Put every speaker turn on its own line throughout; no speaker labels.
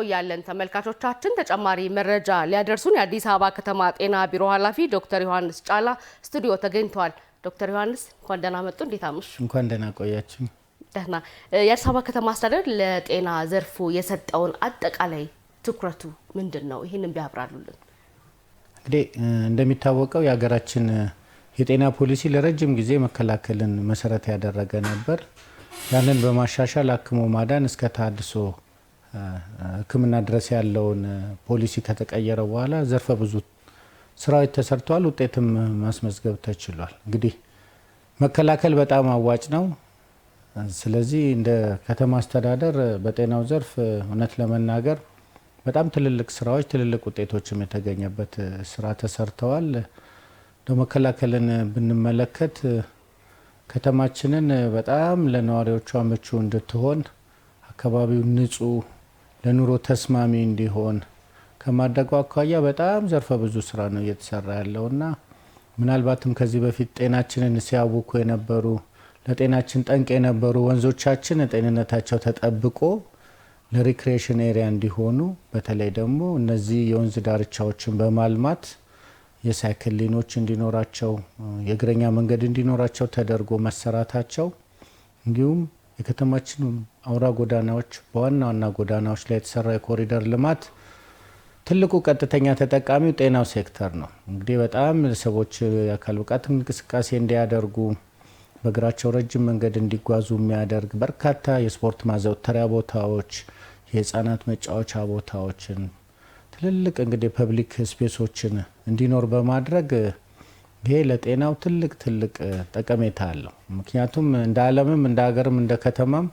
እንቆያለን ተመልካቾቻችን። ተጨማሪ መረጃ ሊያደርሱን የአዲስ አበባ ከተማ ጤና ቢሮ ኃላፊ ዶክተር ዮሐንስ ጫላ ስቱዲዮ ተገኝተዋል። ዶክተር ዮሐንስ እንኳን ደህና መጡ። እንዴት አመሹ?
እንኳን ደህና ቆያችሁ።
ደህና። የአዲስ አበባ ከተማ አስተዳደር ለጤና ዘርፉ የሰጠውን አጠቃላይ ትኩረቱ ምንድን ነው? ይህንን ቢያብራሉልን።
እንግዲህ እንደሚታወቀው የሀገራችን የጤና ፖሊሲ ለረጅም ጊዜ መከላከልን መሰረት ያደረገ ነበር። ያንን በማሻሻል አክሞ ማዳን እስከ ታድሶ ሕክምና ድረስ ያለውን ፖሊሲ ከተቀየረ በኋላ ዘርፈ ብዙ ስራዎች ተሰርተዋል። ውጤትም ማስመዝገብ ተችሏል። እንግዲህ መከላከል በጣም አዋጭ ነው። ስለዚህ እንደ ከተማ አስተዳደር በጤናው ዘርፍ እውነት ለመናገር በጣም ትልልቅ ስራዎች፣ ትልልቅ ውጤቶችም የተገኘበት ስራ ተሰርተዋል። እንደ መከላከልን ብንመለከት ከተማችንን በጣም ለነዋሪዎቿ ምቹ እንድትሆን አካባቢው ንጹህ ለኑሮ ተስማሚ እንዲሆን ከማድረጉ አኳያ በጣም ዘርፈ ብዙ ስራ ነው እየተሰራ ያለው እና ምናልባትም ከዚህ በፊት ጤናችንን ሲያውኩ የነበሩ ለጤናችን ጠንቅ የነበሩ ወንዞቻችን ጤንነታቸው ተጠብቆ ለሪክሬሽን ኤሪያ እንዲሆኑ በተለይ ደግሞ እነዚህ የወንዝ ዳርቻዎችን በማልማት የሳይክል ሊኖች እንዲኖራቸው፣ የእግረኛ መንገድ እንዲኖራቸው ተደርጎ መሰራታቸው እንዲሁም የከተማችን አውራ ጎዳናዎች፣ በዋና ዋና ጎዳናዎች ላይ የተሰራ የኮሪደር ልማት ትልቁ ቀጥተኛ ተጠቃሚው ጤናው ሴክተር ነው። እንግዲህ በጣም ሰዎች የአካል ብቃት እንቅስቃሴ እንዲያደርጉ በእግራቸው ረጅም መንገድ እንዲጓዙ የሚያደርግ በርካታ የስፖርት ማዘውተሪያ ቦታዎች፣ የህፃናት መጫወቻ ቦታዎችን፣ ትልልቅ እንግዲህ ፐብሊክ ስፔሶችን እንዲኖር በማድረግ ይሄ ለጤናው ትልቅ ትልቅ ጠቀሜታ አለው። ምክንያቱም እንደ ዓለምም እንደ ሀገርም እንደ ከተማም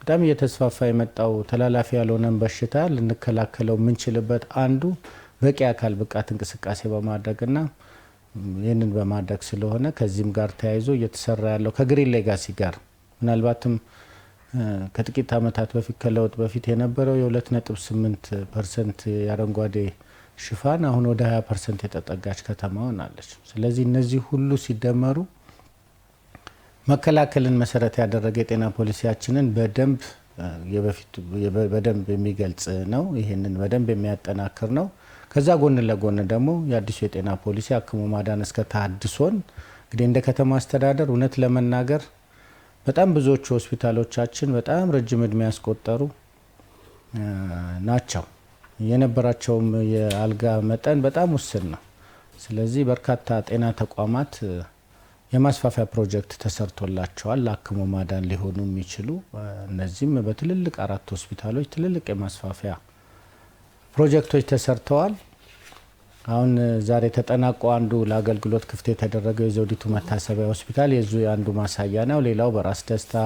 በጣም እየተስፋፋ የመጣው ተላላፊ ያልሆነን በሽታ ልንከላከለው የምንችልበት አንዱ በቂ አካል ብቃት እንቅስቃሴ በማድረግና ይህንን በማድረግ ስለሆነ ከዚህም ጋር ተያይዞ እየተሰራ ያለው ከግሪን ሌጋሲ ጋር ምናልባትም ከጥቂት ዓመታት በፊት ከለውጥ በፊት የነበረው የ2.8 ፐርሰንት የአረንጓዴ ሽፋን አሁን ወደ 20 ፐርሰንት የተጠጋች ከተማ ሆናለች። ስለዚህ እነዚህ ሁሉ ሲደመሩ መከላከልን መሰረት ያደረገ የጤና ፖሊሲያችንን በደንብ የበፊቱ በደንብ የሚገልጽ ነው። ይህንን በደንብ የሚያጠናክር ነው። ከዛ ጎን ለጎን ደግሞ የአዲሱ የጤና ፖሊሲ አክሞ ማዳን እስከ ታድሶን እንግዲህ እንደ ከተማ አስተዳደር እውነት ለመናገር በጣም ብዙዎቹ ሆስፒታሎቻችን በጣም ረጅም ዕድሜ ያስቆጠሩ ናቸው። የነበራቸውም የአልጋ መጠን በጣም ውስን ነው። ስለዚህ በርካታ ጤና ተቋማት የማስፋፊያ ፕሮጀክት ተሰርቶላቸዋል ለአክሞ ማዳን ሊሆኑ የሚችሉ እነዚህም በትልልቅ አራት ሆስፒታሎች ትልልቅ የማስፋፊያ ፕሮጀክቶች ተሰርተዋል። አሁን ዛሬ ተጠናቆ አንዱ ለአገልግሎት ክፍት የተደረገው የዘውዲቱ መታሰቢያ ሆስፒታል የዙ አንዱ ማሳያ ነው። ሌላው በራስ ደስታ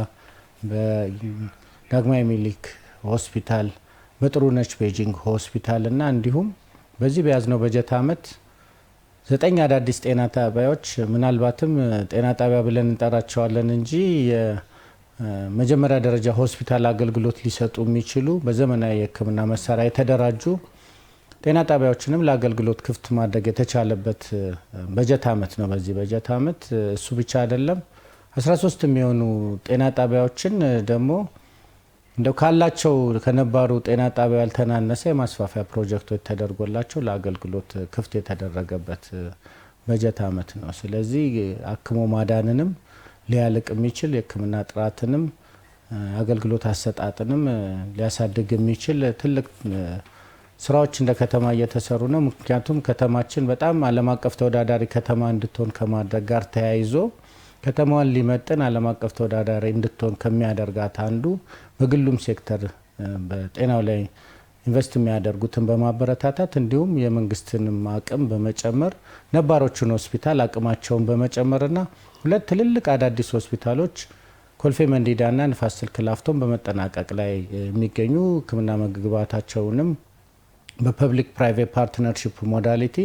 በዳግማዊ ምኒልክ ሆስፒታል ነች ቤጂንግ ሆስፒታል እና እንዲሁም በዚህ በያዝነው በጀት ዓመት ዘጠኝ አዳዲስ ጤና ጣቢያዎች ምናልባትም ጤና ጣቢያ ብለን እንጠራቸዋለን እንጂ የመጀመሪያ ደረጃ ሆስፒታል አገልግሎት ሊሰጡ የሚችሉ በዘመናዊ የሕክምና መሳሪያ የተደራጁ ጤና ጣቢያዎችንም ለአገልግሎት ክፍት ማድረግ የተቻለበት በጀት ዓመት ነው። በዚህ በጀት ዓመት እሱ ብቻ አይደለም 13 የሚሆኑ ጤና ጣቢያዎችን ደግሞ እንደው ካላቸው ከነባሩ ጤና ጣቢያ ያልተናነሰ የማስፋፊያ ፕሮጀክቶች ተደርጎላቸው ለአገልግሎት ክፍት የተደረገበት በጀት ዓመት ነው። ስለዚህ አክሞ ማዳንንም ሊያልቅ የሚችል የሕክምና ጥራትንም አገልግሎት አሰጣጥንም ሊያሳድግ የሚችል ትልቅ ስራዎች እንደ ከተማ እየተሰሩ ነው። ምክንያቱም ከተማችን በጣም ዓለም አቀፍ ተወዳዳሪ ከተማ እንድትሆን ከማድረግ ጋር ተያይዞ ከተማዋን ሊመጥን ዓለም አቀፍ ተወዳዳሪ እንድትሆን ከሚያደርጋት አንዱ በግሉም ሴክተር በጤናው ላይ ኢንቨስት የሚያደርጉትን በማበረታታት እንዲሁም የመንግስትንም አቅም በመጨመር ነባሮቹን ሆስፒታል አቅማቸውን በመጨመርና ሁለት ትልልቅ አዳዲስ ሆስፒታሎች ኮልፌ መንዲዳና ንፋስ ስልክ ላፍቶን በመጠናቀቅ ላይ የሚገኙ ሕክምና መግባታቸውንም በፐብሊክ ፕራይቬት ፓርትነርሽፕ ሞዳሊቲ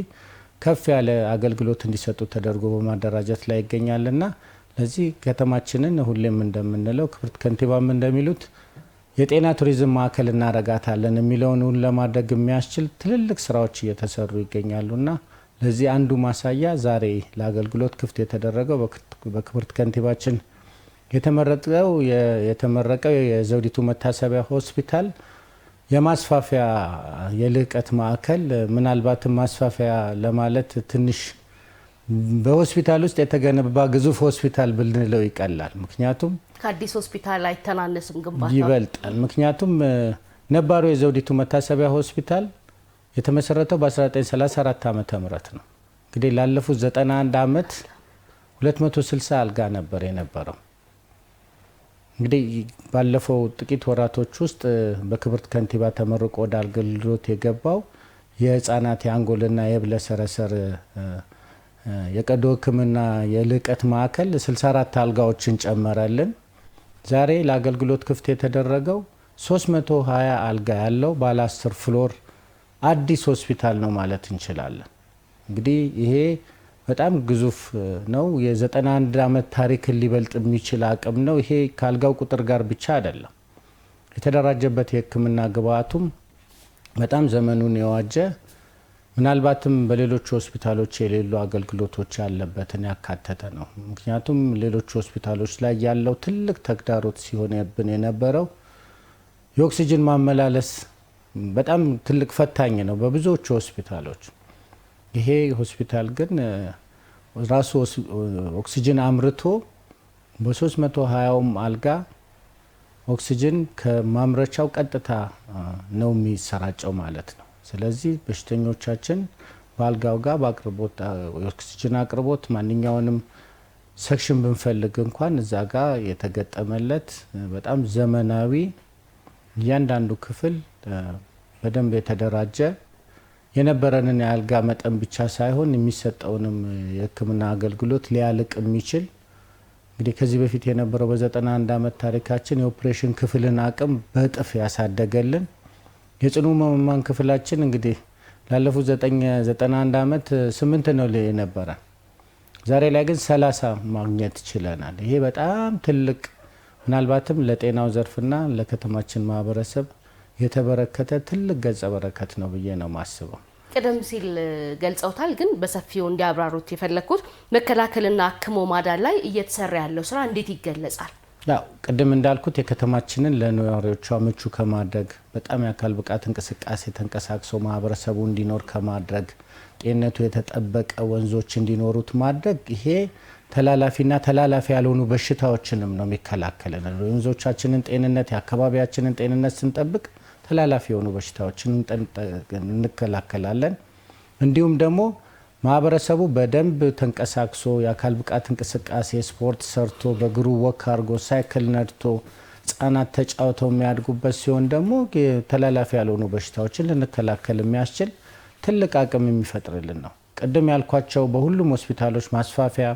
ከፍ ያለ አገልግሎት እንዲሰጡ ተደርጎ በማደራጀት ላይ ይገኛልና ለዚህ ከተማችንን ሁሌም እንደምንለው ክብርት ከንቲባም እንደሚሉት የጤና ቱሪዝም ማዕከል እናረጋታለን የሚለውን ለማድረግ የሚያስችል ትልልቅ ስራዎች እየተሰሩ ይገኛሉና ለዚህ አንዱ ማሳያ ዛሬ ለአገልግሎት ክፍት የተደረገው በክብርት ከንቲባችን የተመረጠው የተመረቀው የዘውዲቱ መታሰቢያ ሆስፒታል የማስፋፊያ የልህቀት ማዕከል ምናልባትም ማስፋፊያ ለማለት ትንሽ በሆስፒታል ውስጥ የተገነባ ግዙፍ ሆስፒታል ብንለው ይቀላል። ምክንያቱም
ከአዲስ ሆስፒታል አይተናነስም፣ ግንባታ
ይበልጣል። ምክንያቱም ነባሩ የዘውዲቱ መታሰቢያ ሆስፒታል የተመሰረተው በ1934 ዓ ም ነው። እንግዲህ ላለፉት 91 ዓመት 260 አልጋ ነበር የነበረው። እንግዲህ ባለፈው ጥቂት ወራቶች ውስጥ በክብርት ከንቲባ ተመርቆ ወደ አገልግሎት የገባው የህፃናት የአንጎልና የብለሰረሰር የቀዶ ሕክምና የልዕቀት ማዕከል 64 አልጋዎችን ጨመረልን። ዛሬ ለአገልግሎት ክፍት የተደረገው 320 አልጋ ያለው ባለ 10 ፍሎር አዲስ ሆስፒታል ነው ማለት እንችላለን። እንግዲህ ይሄ በጣም ግዙፍ ነው። የ91 ዓመት ታሪክን ሊበልጥ የሚችል አቅም ነው። ይሄ ከአልጋው ቁጥር ጋር ብቻ አይደለም። የተደራጀበት የህክምና ግብአቱም በጣም ዘመኑን የዋጀ ምናልባትም በሌሎች ሆስፒታሎች የሌሉ አገልግሎቶች ያለበትን ያካተተ ነው። ምክንያቱም ሌሎች ሆስፒታሎች ላይ ያለው ትልቅ ተግዳሮት ሲሆንብን የነበረው የኦክሲጅን ማመላለስ በጣም ትልቅ ፈታኝ ነው በብዙዎቹ ሆስፒታሎች። ይሄ ሆስፒታል ግን ራሱ ኦክሲጅን አምርቶ በ320ም አልጋ ኦክሲጅን ከማምረቻው ቀጥታ ነው የሚሰራጨው ማለት ነው። ስለዚህ በሽተኞቻችን በአልጋው ጋር በአቅርቦት የኦክሲጅን አቅርቦት ማንኛውንም ሰክሽን ብንፈልግ እንኳን እዛ ጋር የተገጠመለት በጣም ዘመናዊ እያንዳንዱ ክፍል በደንብ የተደራጀ የነበረንን የአልጋ መጠን ብቻ ሳይሆን የሚሰጠውንም የሕክምና አገልግሎት ሊያልቅ የሚችል እንግዲህ ከዚህ በፊት የነበረው በዘጠና 91 ዓመት ታሪካችን የኦፕሬሽን ክፍልን አቅም በእጥፍ ያሳደገልን የጽኑ ህሙማን ክፍላችን እንግዲህ ላለፉት ዘጠኝ ዘጠና አንድ ዓመት ስምንት ነው የነበረ። ዛሬ ላይ ግን ሰላሳ ማግኘት ችለናል። ይሄ በጣም ትልቅ ምናልባትም ለጤናው ዘርፍና ለከተማችን ማህበረሰብ የተበረከተ ትልቅ ገጸ በረከት ነው ብዬ ነው ማስበው።
ቀደም ሲል ገልጸውታል፣ ግን በሰፊው እንዲያብራሩት የፈለግኩት መከላከልና አክሞ ማዳን ላይ እየተሰራ ያለው ስራ እንዴት ይገለጻል?
ቅድም እንዳልኩት የከተማችንን ለነዋሪዎቿ ምቹ ከማድረግ በጣም የአካል ብቃት እንቅስቃሴ ተንቀሳቅሶ ማህበረሰቡ እንዲኖር ከማድረግ ጤንነቱ የተጠበቀ ወንዞች እንዲኖሩት ማድረግ ይሄ ተላላፊና ተላላፊ ያልሆኑ በሽታዎችንም ነው የሚከላከልልን። የወንዞቻችንን ጤንነት የአካባቢያችንን ጤንነት ስንጠብቅ ተላላፊ የሆኑ በሽታዎችን እንከላከላለን። እንዲሁም ደግሞ ማህበረሰቡ በደንብ ተንቀሳቅሶ የአካል ብቃት እንቅስቃሴ ስፖርት ሰርቶ በእግሩ ወክ አድርጎ ሳይክል ነድቶ ህጻናት ተጫውተው የሚያድጉበት ሲሆን ደግሞ ተላላፊ ያልሆኑ በሽታዎችን ልንከላከል የሚያስችል ትልቅ አቅም የሚፈጥርልን ነው። ቅድም ያልኳቸው በሁሉም ሆስፒታሎች ማስፋፊያ፣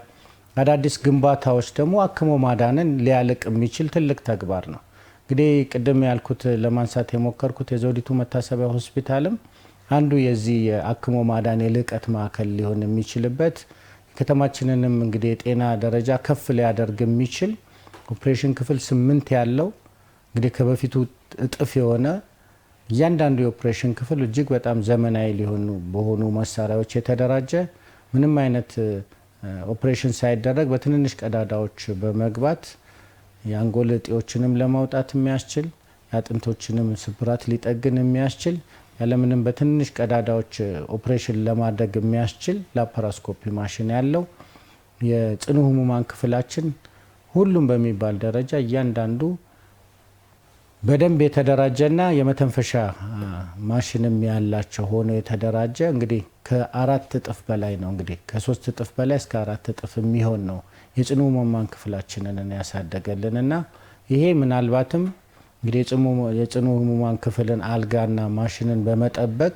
አዳዲስ ግንባታዎች ደግሞ አክሞ ማዳንን ሊያልቅ የሚችል ትልቅ ተግባር ነው። እንግዲህ ቅድም ያልኩት ለማንሳት የሞከርኩት የዘውዲቱ መታሰቢያ ሆስፒታልም አንዱ የዚህ የአክሞ ማዳን የልዕቀት ማዕከል ሊሆን የሚችልበት ከተማችንንም እንግዲህ የጤና ደረጃ ከፍ ሊያደርግ የሚችል ኦፕሬሽን ክፍል ስምንት ያለው እንግዲህ ከበፊቱ እጥፍ የሆነ እያንዳንዱ የኦፕሬሽን ክፍል እጅግ በጣም ዘመናዊ ሊሆኑ በሆኑ መሳሪያዎች የተደራጀ ምንም አይነት ኦፕሬሽን ሳይደረግ በትንንሽ ቀዳዳዎች በመግባት የአንጎል እጢዎችንም ለማውጣት የሚያስችል የአጥንቶችንም ስብራት ሊጠግን የሚያስችል ያለምንም በትንሽ ቀዳዳዎች ኦፕሬሽን ለማድረግ የሚያስችል ላፓራስኮፒ ማሽን ያለው የጽኑ ህሙማን ክፍላችን ሁሉም በሚባል ደረጃ እያንዳንዱ በደንብ የተደራጀና የመተንፈሻ ማሽንም ያላቸው ሆኖ የተደራጀ እንግዲህ ከአራት እጥፍ በላይ ነው እንግዲህ ከሶስት እጥፍ በላይ እስከ አራት እጥፍ የሚሆን ነው የጽኑ ህሙማን ክፍላችንን ያሳደገልንና ይሄ ምናልባትም እንግዲህ የጽኑ ህሙማን ክፍልን አልጋና ማሽንን በመጠበቅ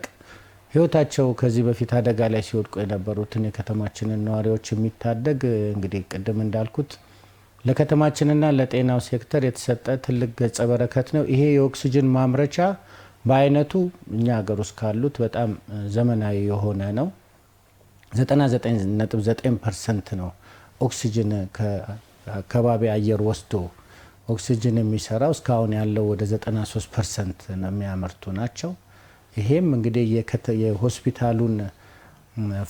ህይወታቸው ከዚህ በፊት አደጋ ላይ ሲወድቁ የነበሩትን የከተማችንን ነዋሪዎች የሚታደግ እንግዲህ ቅድም እንዳልኩት ለከተማችንና ለጤናው ሴክተር የተሰጠ ትልቅ ገጸ በረከት ነው። ይሄ የኦክስጅን ማምረቻ በአይነቱ እኛ ሀገር ውስጥ ካሉት በጣም ዘመናዊ የሆነ ነው። 99.9 ፐርሰንት ነው ኦክስጅን ከከባቢ አየር ወስዶ ኦክሲጅን የሚሰራው እስካሁን ያለው ወደ 93 ፐርሰንት የሚያመርቱ ናቸው። ይሄም እንግዲህ የሆስፒታሉን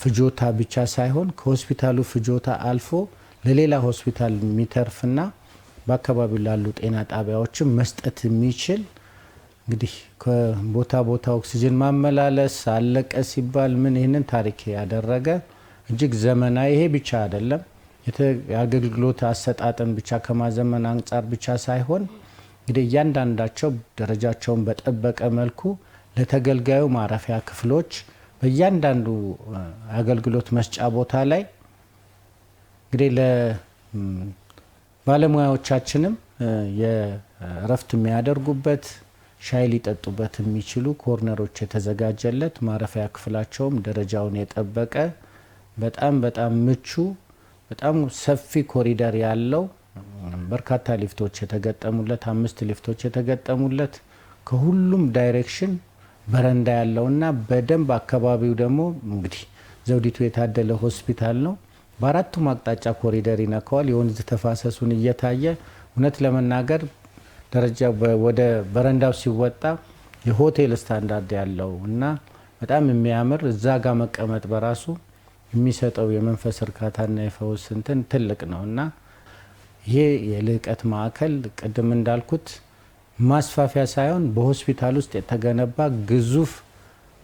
ፍጆታ ብቻ ሳይሆን ከሆስፒታሉ ፍጆታ አልፎ ለሌላ ሆስፒታል የሚተርፍና በአካባቢው ላሉ ጤና ጣቢያዎችም መስጠት የሚችል እንግዲህ ከቦታ ቦታ ኦክሲጅን ማመላለስ አለቀ ሲባል ምን ይህንን ታሪክ ያደረገ እጅግ ዘመናዊ ይሄ ብቻ አይደለም የአገልግሎት አሰጣጥን ብቻ ከማዘመን አንጻር ብቻ ሳይሆን እንግዲህ እያንዳንዳቸው ደረጃቸውን በጠበቀ መልኩ ለተገልጋዩ ማረፊያ ክፍሎች በእያንዳንዱ አገልግሎት መስጫ ቦታ ላይ እንግዲህ ለባለሙያዎቻችንም የእረፍት የሚያደርጉበት ሻይ ሊጠጡበት የሚችሉ ኮርነሮች የተዘጋጀለት ማረፊያ ክፍላቸውም ደረጃውን የጠበቀ በጣም በጣም ምቹ በጣም ሰፊ ኮሪደር ያለው በርካታ ሊፍቶች የተገጠሙለት አምስት ሊፍቶች የተገጠሙለት ከሁሉም ዳይሬክሽን በረንዳ ያለው እና በደንብ አካባቢው ደግሞ እንግዲህ ዘውዲቱ የታደለ ሆስፒታል ነው። በአራቱም አቅጣጫ ኮሪደር ይነካዋል። የወንዝ ተፋሰሱን እየታየ እውነት ለመናገር ደረጃ ወደ በረንዳው ሲወጣ የሆቴል ስታንዳርድ ያለው እና በጣም የሚያምር እዛ ጋር መቀመጥ በራሱ የሚሰጠው የመንፈስ እርካታና የፈውስ እንትን ትልቅ ነው እና ይሄ የልዕቀት ማዕከል ቅድም እንዳልኩት ማስፋፊያ ሳይሆን በሆስፒታል ውስጥ የተገነባ ግዙፍ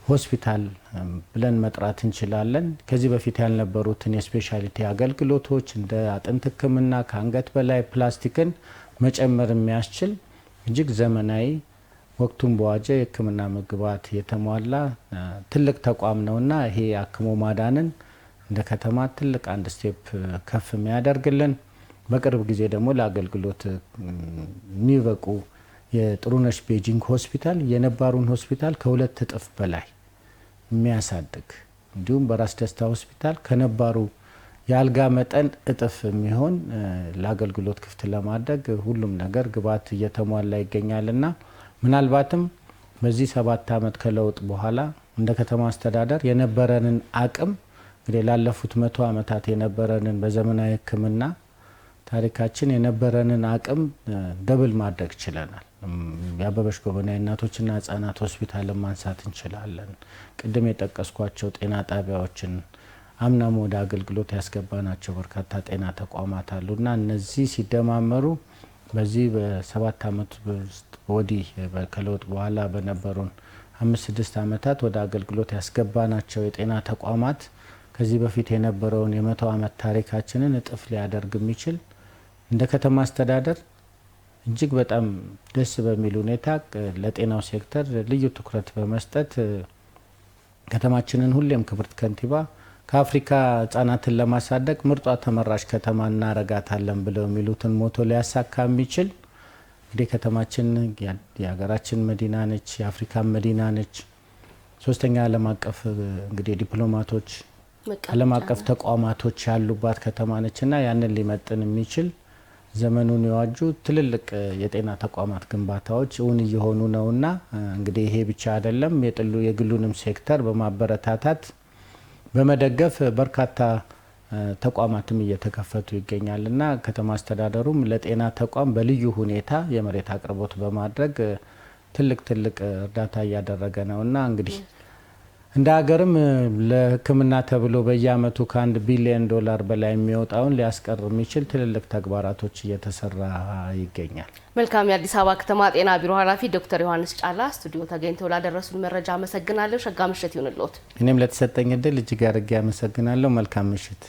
ሆስፒታል ብለን መጥራት እንችላለን። ከዚህ በፊት ያልነበሩትን የስፔሻሊቲ አገልግሎቶች እንደ አጥንት ሕክምና ከአንገት በላይ ፕላስቲክን መጨመር የሚያስችል እጅግ ዘመናዊ ወቅቱን በዋጀ የሕክምና ምግባት የተሟላ ትልቅ ተቋም ነውና ይሄ አክሞ ማዳንን እንደ ከተማ ትልቅ አንድ ስቴፕ ከፍ የሚያደርግልን በቅርብ ጊዜ ደግሞ ለአገልግሎት የሚበቁ የጥሩነሽ ቤጂንግ ሆስፒታል የነባሩን ሆስፒታል ከሁለት እጥፍ በላይ የሚያሳድግ እንዲሁም በራስ ደስታ ሆስፒታል ከነባሩ የአልጋ መጠን እጥፍ የሚሆን ለአገልግሎት ክፍት ለማድረግ ሁሉም ነገር ግብዓት እየተሟላ ይገኛልና ምናልባትም በዚህ ሰባት ዓመት ከለውጥ በኋላ እንደ ከተማ አስተዳደር የነበረንን አቅም እንግዲህ ላለፉት መቶ ዓመታት የነበረንን በዘመናዊ ሕክምና ታሪካችን የነበረንን አቅም ደብል ማድረግ ችለናል። የአበበሽ ጎበና እናቶችና ህጻናት ሆስፒታልን ማንሳት እንችላለን። ቅድም የጠቀስኳቸው ጤና ጣቢያዎችን አምናም ወደ አገልግሎት ያስገባናቸው በርካታ ጤና ተቋማት አሉ እና እነዚህ ሲደማመሩ በዚህ በሰባት ዓመት ውስጥ ወዲህ ከለውጥ በኋላ በነበሩን አምስት ስድስት ዓመታት ወደ አገልግሎት ያስገባናቸው የጤና ተቋማት ከዚህ በፊት የነበረውን የመቶ ዓመት ታሪካችንን እጥፍ ሊያደርግ የሚችል እንደ ከተማ አስተዳደር እጅግ በጣም ደስ በሚል ሁኔታ ለጤናው ሴክተር ልዩ ትኩረት በመስጠት ከተማችንን ሁሌም ክብርት ከንቲባ ከአፍሪካ ህጻናትን ለማሳደግ ምርጧ ተመራጭ ከተማ እናረጋታለን ብለው የሚሉትን ሞቶ ሊያሳካ የሚችል እንግዲህ ከተማችን የሀገራችን መዲና ነች፣ የአፍሪካ መዲና ነች። ሶስተኛ ዓለም አቀፍ እንግዲህ ዲፕሎማቶች ዓለም አቀፍ ተቋማቶች ያሉባት ከተማ ነች እና ያንን ሊመጥን የሚችል ዘመኑን የዋጁ ትልልቅ የጤና ተቋማት ግንባታዎች እውን እየሆኑ ነውና እንግዲህ ይሄ ብቻ አይደለም፣ የጥሉ የግሉንም ሴክተር በማበረታታት በመደገፍ በርካታ ተቋማትም እየተከፈቱ ይገኛል እና ከተማ አስተዳደሩም ለጤና ተቋም በልዩ ሁኔታ የመሬት አቅርቦት በማድረግ ትልቅ ትልቅ እርዳታ እያደረገ ነውና እንግዲህ እንደ ሀገርም ለሕክምና ተብሎ በየአመቱ ከአንድ ቢሊዮን ዶላር በላይ የሚወጣውን ሊያስቀር የሚችል ትልልቅ ተግባራቶች እየተሰራ ይገኛል።
መልካም። የአዲስ አበባ ከተማ ጤና ቢሮ ኃላፊ ዶክተር ዮሐንስ ጫላ ስቱዲዮ ተገኝተው ላደረሱን መረጃ አመሰግናለሁ። ሸጋ ምሽት ይሁንልዎት።
እኔም ለተሰጠኝ እድል እጅግ አድርጌ አመሰግናለሁ። መልካም ምሽት።